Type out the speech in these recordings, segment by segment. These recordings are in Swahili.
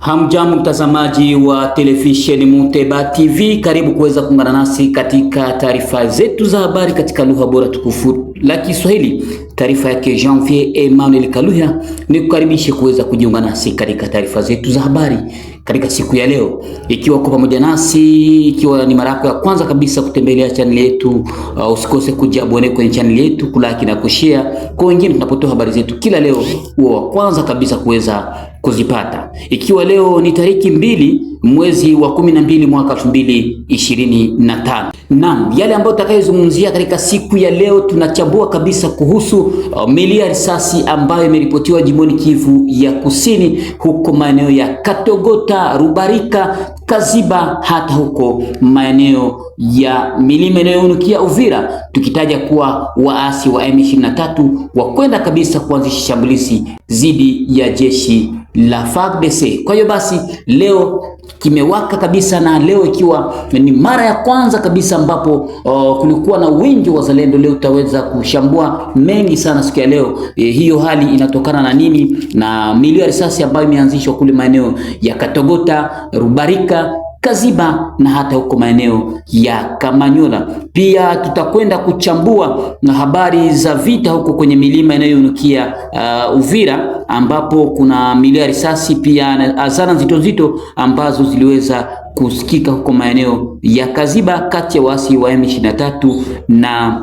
Hamjambo mtazamaji wa televisheni Muteba TV, karibu kuweza kuungana nasi katika taarifa zetu za habari katika lugha bora tukufu la Kiswahili. Taarifa yake Janvier Emmanuel Kaluya, ni kukaribishe kuweza kujiunga nasi katika taarifa zetu za habari katika siku ya leo. Ikiwa uko pamoja nasi, ikiwa ni mara yako ya kwanza kabisa kutembelea channel yetu, uh, usikose kujiabone kwenye channel yetu, kulaki na kushare kwa wengine, tunapotoa habari zetu kila leo, huwa wa kwanza kabisa kuweza kuzipata. Ikiwa leo ni tariki mbili mwezi wa 12 mwaka 2025. Naam, yale ambayo tutakayozungumzia katika siku ya leo tunachambua kabisa kuhusu uh, milio ya risasi ambayo imeripotiwa jimboni Kivu ya Kusini huko maeneo ya Katogota, Rubarika, Kaziba hata huko maeneo ya milima inayounukia Uvira, tukitaja kuwa waasi wa M23 wakwenda kabisa kuanzisha shambulizi dhidi ya jeshi la FARDC. Kwa hiyo basi leo kimewaka kabisa, na leo ikiwa ni mara ya kwanza kabisa ambapo uh, kulikuwa na wingi wa wazalendo, leo utaweza kushambua mengi sana siku ya leo. E, hiyo hali inatokana na nini? Na milio ya risasi ambayo imeanzishwa kule maeneo ya Katogota, Rubarika Kaziba na hata huko maeneo ya Kamanyola. Pia tutakwenda kuchambua na habari za vita huko kwenye milima inayoinukia uh, Uvira ambapo kuna milio ya risasi pia na azana uh, nzito nzito ambazo ziliweza kusikika huko maeneo ya Kaziba kati ya waasi wa M23 na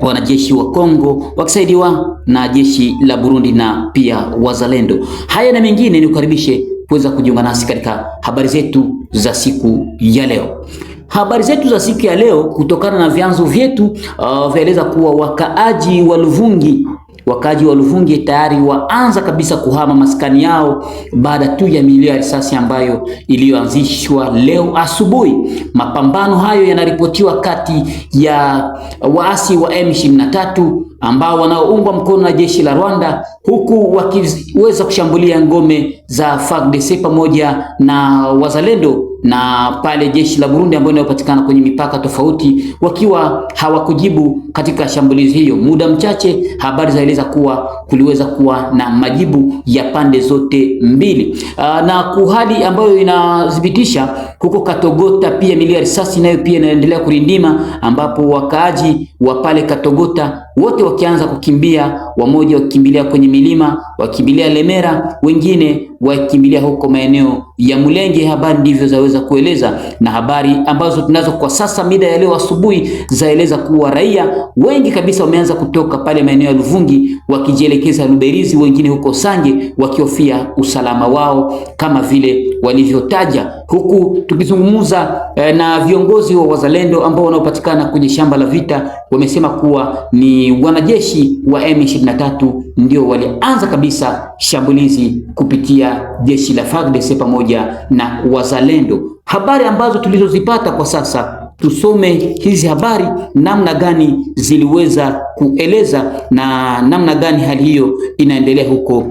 wanajeshi wa Kongo wakisaidiwa na jeshi la Burundi na pia wazalendo. Haya na mengine ni kukaribishe kuweza kujiunga nasi katika habari zetu za siku ya leo. Habari zetu za siku ya leo, kutokana na vyanzo vyetu uh, vyaeleza kuwa wakaaji wa Luvungi wakaji wa Luvungi tayari waanza kabisa kuhama maskani yao baada tu ya milio ya risasi ambayo iliyoanzishwa leo asubuhi. Mapambano hayo yanaripotiwa kati ya waasi wa M23 ambao wanaoungwa mkono na jeshi la Rwanda huku wakiweza kushambulia ngome za FARDC pamoja na wazalendo na pale jeshi la Burundi ambao inayopatikana kwenye mipaka tofauti wakiwa hawakujibu katika shambulizi hiyo. Muda mchache, habari zaeleza kuwa kuliweza kuwa na majibu ya pande zote mbili. Aa, ah, na kuhali ambayo inathibitisha huko Katogota pia milio ya risasi nayo pia inaendelea kurindima, ambapo wakaaji wa pale Katogota wote wakianza kukimbia, wamoja wakikimbilia kwenye milima, wakikimbilia Lemera, wengine wakimbilia huko maeneo ya Mulenge. Habari ndivyo zaweza kueleza, na habari ambazo tunazo kwa sasa mida ya leo asubuhi zaeleza kuwa raia wengi kabisa wameanza kutoka pale maeneo ya Luvungi wakijielekeza Luberizi, wengine huko Sange wakihofia usalama wao kama vile walivyotaja, huku tukizungumza eh, na viongozi wa wazalendo ambao wanaopatikana kwenye shamba la vita wamesema kuwa ni wanajeshi wa M23 ndio walianza kabisa shambulizi kupitia jeshi la FARDC pamoja na wazalendo. Habari ambazo tulizozipata kwa sasa, tusome hizi habari namna gani ziliweza kueleza na namna gani hali hiyo inaendelea huko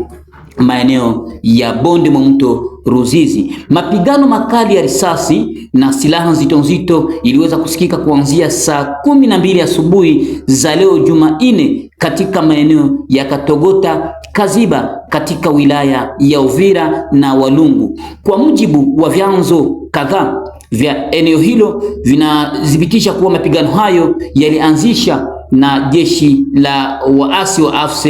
maeneo ya bonde mwa mto Ruzizi. Mapigano makali ya risasi na silaha nzito nzito iliweza kusikika kuanzia saa kumi na mbili asubuhi za leo Jumanne katika maeneo ya Katogota, Kaziba katika wilaya ya Uvira na Walungu. Kwa mujibu wa vyanzo kadhaa vya eneo hilo vinathibitisha kuwa mapigano hayo yalianzisha na jeshi la waasi wa AFC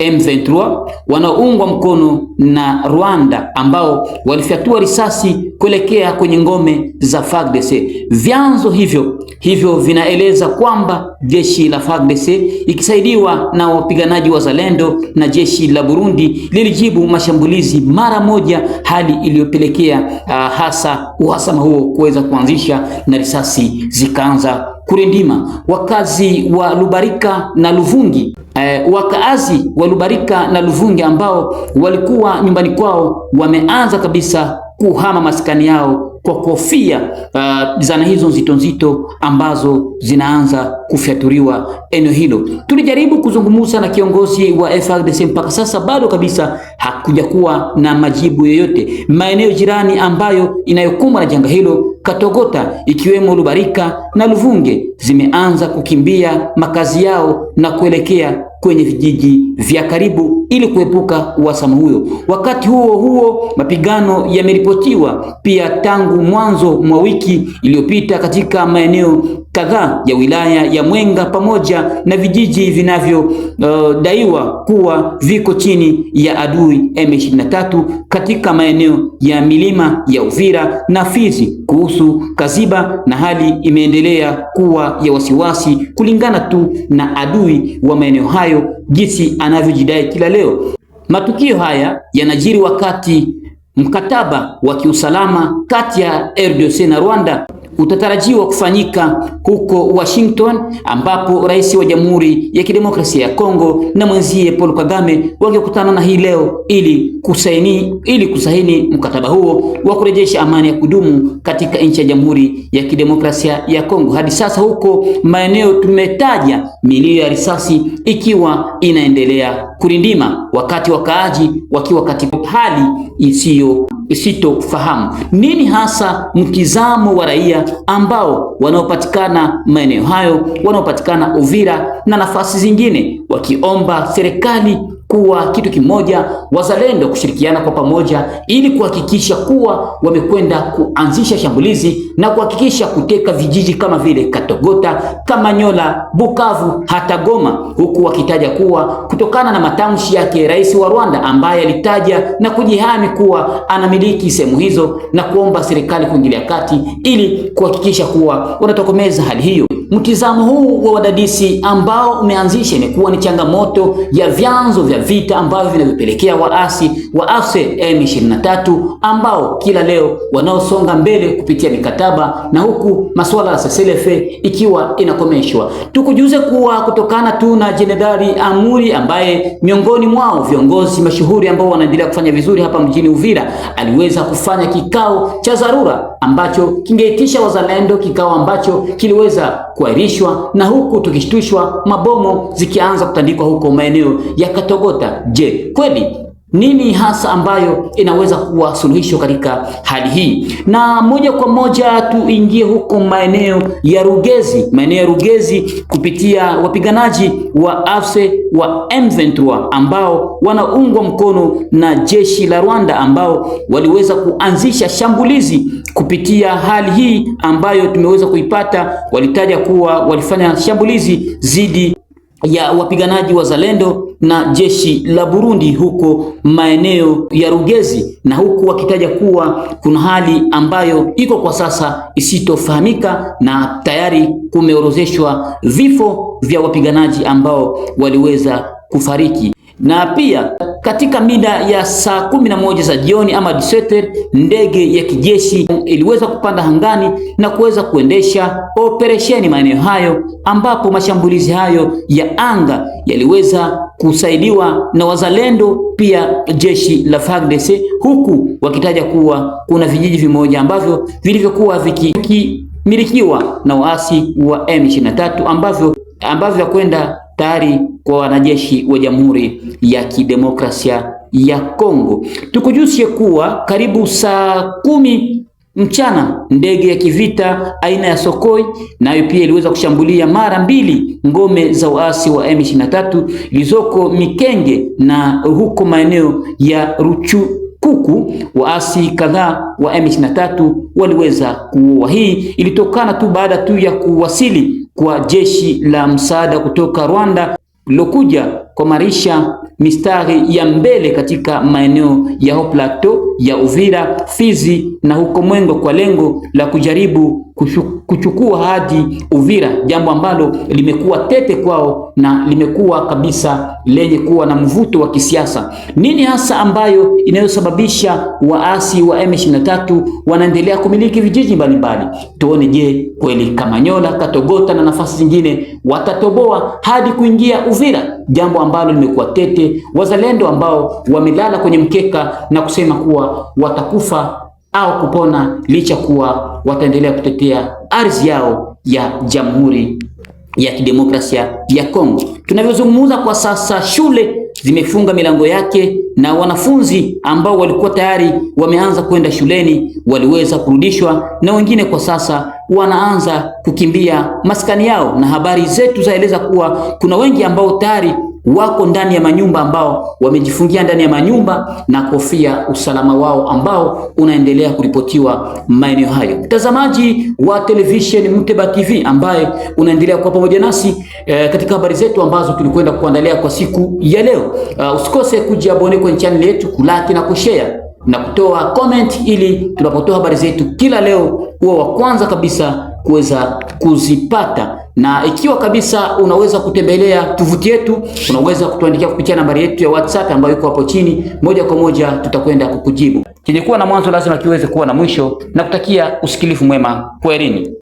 M23 wanaoungwa mkono na Rwanda ambao walifyatua risasi kuelekea kwenye ngome za FARDC. Vyanzo hivyo hivyo vinaeleza kwamba jeshi la FARDC ikisaidiwa na wapiganaji wa Zalendo na jeshi la Burundi lilijibu mashambulizi mara moja, hali iliyopelekea uh, hasa uhasama huo kuweza kuanzisha na risasi zikaanza Kurendima, wakazi wa Lubarika na Luvungi. E, wakaazi wa Lubarika na Luvungi ambao walikuwa nyumbani kwao wameanza kabisa kuhama maskani yao kwa kofia uh, zana hizo nzito nzito ambazo zinaanza kufyaturiwa eneo hilo. Tulijaribu kuzungumza na kiongozi wa FARDC mpaka sasa bado kabisa hakuja kuwa na majibu yoyote. Maeneo jirani ambayo inayokumbwa na janga hilo Katogota ikiwemo Lubarika na Luvunge zimeanza kukimbia makazi yao na kuelekea kwenye vijiji vya karibu ili kuepuka uhasama huyo. Wakati huo huo, mapigano yameripotiwa pia tangu mwanzo mwa wiki iliyopita katika maeneo kadhaa ya wilaya ya Mwenga pamoja na vijiji vinavyodaiwa uh, kuwa viko chini ya adui M23 katika maeneo ya milima ya Uvira na Fizi kuhusu kuhusu Kaziba na hali imeendelea kuwa ya wasiwasi kulingana tu na adui wa maeneo hayo jinsi anavyojidai kila leo. Matukio haya yanajiri wakati mkataba wa kiusalama kati ya RDC na Rwanda utatarajiwa kufanyika huko Washington, ambapo rais wa Jamhuri ya Kidemokrasia ya Kongo na mwenzie Paul Kagame wangekutana na hii leo ili kusaini, ili kusaini mkataba huo wa kurejesha amani ya kudumu katika nchi ya Jamhuri ya Kidemokrasia ya Kongo. Hadi sasa huko maeneo tumetaja, milio ya risasi ikiwa inaendelea kurindima, wakati wakaaji wakiwa katika hali isiyo isitofahamu nini hasa mtizamo wa raia ambao wanaopatikana maeneo hayo wanaopatikana Uvira na nafasi zingine wakiomba serikali kuwa kitu kimoja, wazalendo kushirikiana kwa pamoja ili kuhakikisha kuwa wamekwenda kuanzisha shambulizi na kuhakikisha kuteka vijiji kama vile Katogota, Kamanyola, Bukavu hata Goma, huku wakitaja kuwa kutokana na matamshi yake rais wa Rwanda ambaye alitaja na kujihami kuwa anamiliki sehemu hizo na kuomba serikali kuingilia kati ili kuhakikisha kuwa wanatokomeza hali hiyo. Mtizamo huu wa wadadisi ambao umeanzisha imekuwa ni changamoto ya vyanzo vya vita ambavyo vinavyopelekea waasi wa afse M23 ambao kila leo wanaosonga mbele kupitia mikataba na huku masuala ya SSLF ikiwa inakomeshwa. Tukujuze kuwa kutokana tu na Jenerali Amuri ambaye miongoni mwao viongozi mashuhuri ambao wanaendelea kufanya vizuri hapa mjini Uvira aliweza kufanya kikao cha dharura ambacho kingeitisha wazalendo, kikao ambacho kiliweza kuahirishwa na huku tukishtushwa mabomu zikianza kutandikwa huko maeneo ya Katogota. Je, kweli nini hasa ambayo inaweza kuwa suluhisho katika hali hii. Na moja kwa moja tuingie huko maeneo ya Rugezi, maeneo ya Rugezi kupitia wapiganaji wa AFSE wa M23 ambao wanaungwa mkono na jeshi la Rwanda ambao waliweza kuanzisha shambulizi kupitia hali hii ambayo tumeweza kuipata. Walitaja kuwa walifanya shambulizi zidi ya wapiganaji wa Zalendo na jeshi la Burundi huko maeneo ya Rugezi, na huku wakitaja kuwa kuna hali ambayo iko kwa sasa isitofahamika na tayari kumeorozeshwa vifo vya wapiganaji ambao waliweza kufariki na pia katika mida ya saa kumi na moja za jioni ama diseter, ndege ya kijeshi iliweza kupanda hangani na kuweza kuendesha operesheni maeneo hayo, ambapo mashambulizi hayo ya anga yaliweza kusaidiwa na wazalendo pia jeshi la FARDC, huku wakitaja kuwa kuna vijiji vimoja ambavyo vilivyokuwa vikimilikiwa na waasi wa M23 ambavyo ambavyo kwenda tayari kwa wanajeshi wa Jamhuri ya Kidemokrasia ya Kongo. Tukujusie kuwa karibu saa kumi mchana ndege ya kivita aina ya Sokoi nayo pia iliweza kushambulia mara mbili ngome za waasi wa M23 ilizoko Mikenge na huko maeneo ya Ruchukuku. Waasi kadhaa wa M23 waliweza kuua. Hii ilitokana tu baada tu ya kuwasili kwa jeshi la msaada kutoka Rwanda lilokuja kuimarisha mistari ya mbele katika maeneo ya Haut Plateau ya Uvira, Fizi na huko Mwengo kwa lengo la kujaribu kuchukua hadi Uvira, jambo ambalo limekuwa tete kwao na limekuwa kabisa lenye kuwa na mvuto wa kisiasa. Nini hasa ambayo inayosababisha waasi wa M23 wanaendelea kumiliki vijiji mbalimbali? Tuone, je, kweli Kamanyola, Katogota na nafasi zingine watatoboa hadi kuingia Uvira, jambo ambalo limekuwa tete, wazalendo ambao wamelala kwenye mkeka na kusema kuwa watakufa au kupona licha kuwa wataendelea kutetea ardhi yao ya Jamhuri ya Kidemokrasia ya Kongo. Tunavyozungumza kwa sasa, shule zimefunga milango yake na wanafunzi ambao walikuwa tayari wameanza kwenda shuleni waliweza kurudishwa, na wengine kwa sasa wanaanza kukimbia maskani yao, na habari zetu zaeleza kuwa kuna wengi ambao tayari wako ndani ya manyumba ambao wamejifungia ndani ya manyumba na kofia usalama wao ambao unaendelea kuripotiwa maeneo hayo. Mtazamaji wa television Muteba TV ambaye unaendelea kuwa pamoja nasi e, katika habari zetu ambazo tulikwenda kuandalia kwa siku ya leo, uh, usikose kujiabone kwenye channel yetu, kulaki na kushare na kutoa comment ili tunapotoa habari zetu kila leo uwe wa kwanza kabisa kuweza kuzipata na ikiwa kabisa unaweza kutembelea tovuti yetu, unaweza kutuandikia kupitia nambari yetu ya WhatsApp ambayo iko hapo chini. Moja kwa moja tutakwenda kukujibu. Chenye kuwa na mwanzo lazima kiweze kuwa na mwisho, na kutakia usikilifu mwema. Kwaherini.